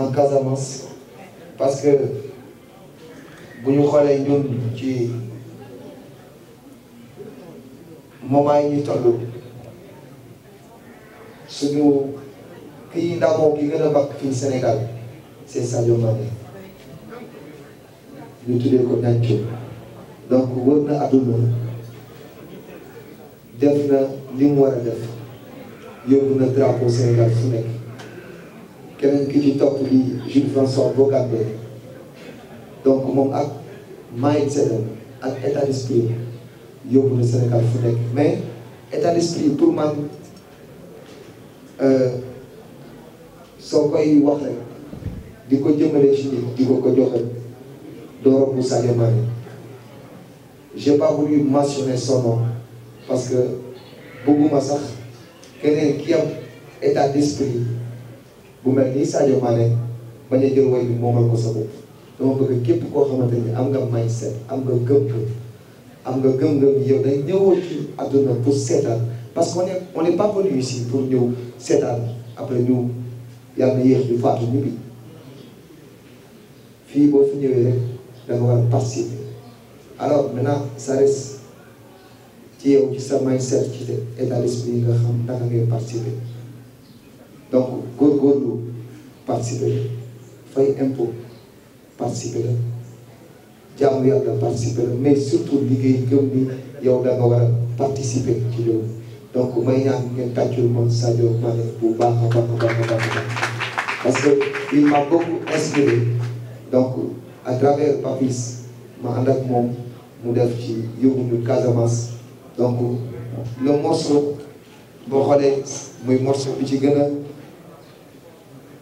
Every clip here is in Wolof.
en Casamance parce que bu ñu xoolee ñun ci moment yi ñu toll suñu kii ndamoo ki gën a bakk fii Sénégal c'est Sadio Mané ñu tuddee ko Nacho donc wër na àdduna def na li mu war a def na drapeau Sénégal fu nekk. quelqu'un que ci topp lui, Jules François donc mon acte mindset état d'esprit Sénégal mais état d'esprit pour man euh, du côté ci j'ai pas voulu mentionner son nom parce que de sax quelqu'un ki état d'esprit bu mel nii Sadio Mané bañ a jël way bi moomal ko sa bopp dama bëgg képp koo xamante ni am nga mindset am nga gëm-gëm am nga gëm-gëm yow day ñëwoon ci àdduna pour seetaan parce que on est on est pas venu ici pour ñëw seetaan après ñu yàlla na yéex ñu faatu ñu bi fii boo fi ñëwee rek da nga war a participer alors maintenant ça reste ci yow ci sa mindset ci état d'esprit nga xam naka ngay participer. donc góorgóorlu participer la fay impôt participer la jaamu yàlla participer la mais liggéey gëm ni yow da nga war a participer ci may ñaan ngeen tàccul moom Sadio Mané bu baax a baax a baax a baax parce que il m'a beaucoup inspiré donc à travers Papis ma ànd ak moom mu def ci yóbbu ñu Casamance donc le morceau boo xoolee muy morceau bi ci gën a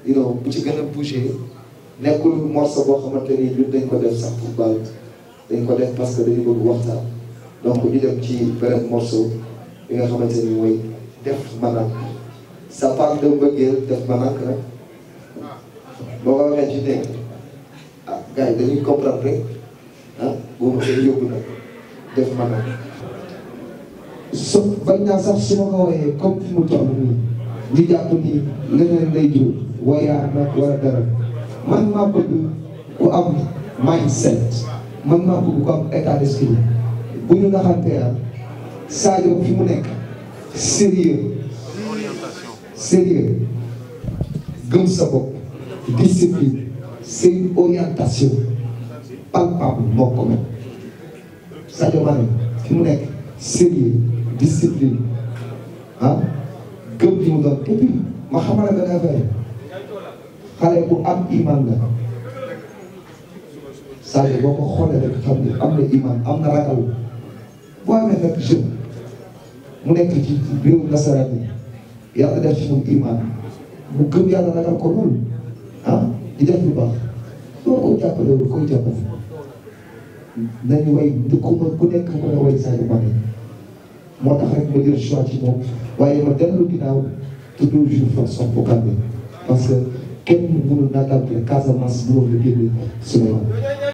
vidéo bu ci gën a bougé nekkul morceau boo xamante ni ñun dañ ko def sax bal dañ ko def parce que dañu bëgg waxtaan donc ñu dem ci beneen morceau bi nga xamante ni mooy def manak ça parle de mbëggeel def manak nag boo ko waxee ci dégg ah gars yi dañuy comprendre rek ah boobu day yóbbu nag def manak so bañ naa sax su ma ko waxee comme fi mu toll nii ñu jàpp ni leneen lay jur woyaar nag man maa bëgg ku am mindset man maa bëgg ku am état d'esprit bu ñu naxante yàlla Sadio fi mu nekk sérieux sérieux gëm sa bopp discipline c'est une moo ko mel Sadio Mané fi mu nekk sérieux discipline ah gëm mu doon et ma xamal la benn affaire xale bu am iman la Sadio boo ko xoolee rek xam am na iman am na ragal boo amee nag jeune mu nekk ci réewum nasaraan yi yàlla def ci moom iman mu gëm yàlla ragal ko loolu ah di def lu baax soo ko jàppale wala koy jàppale nañu way dëkkuma ku nekk mën a way Sadio Mané moo tax rek ma jël choix ci moom waaye ma dellu ginnaaw te toujours fa son programme parce que. kenn mënul naataal Casamance bu wóor la génne Sénégal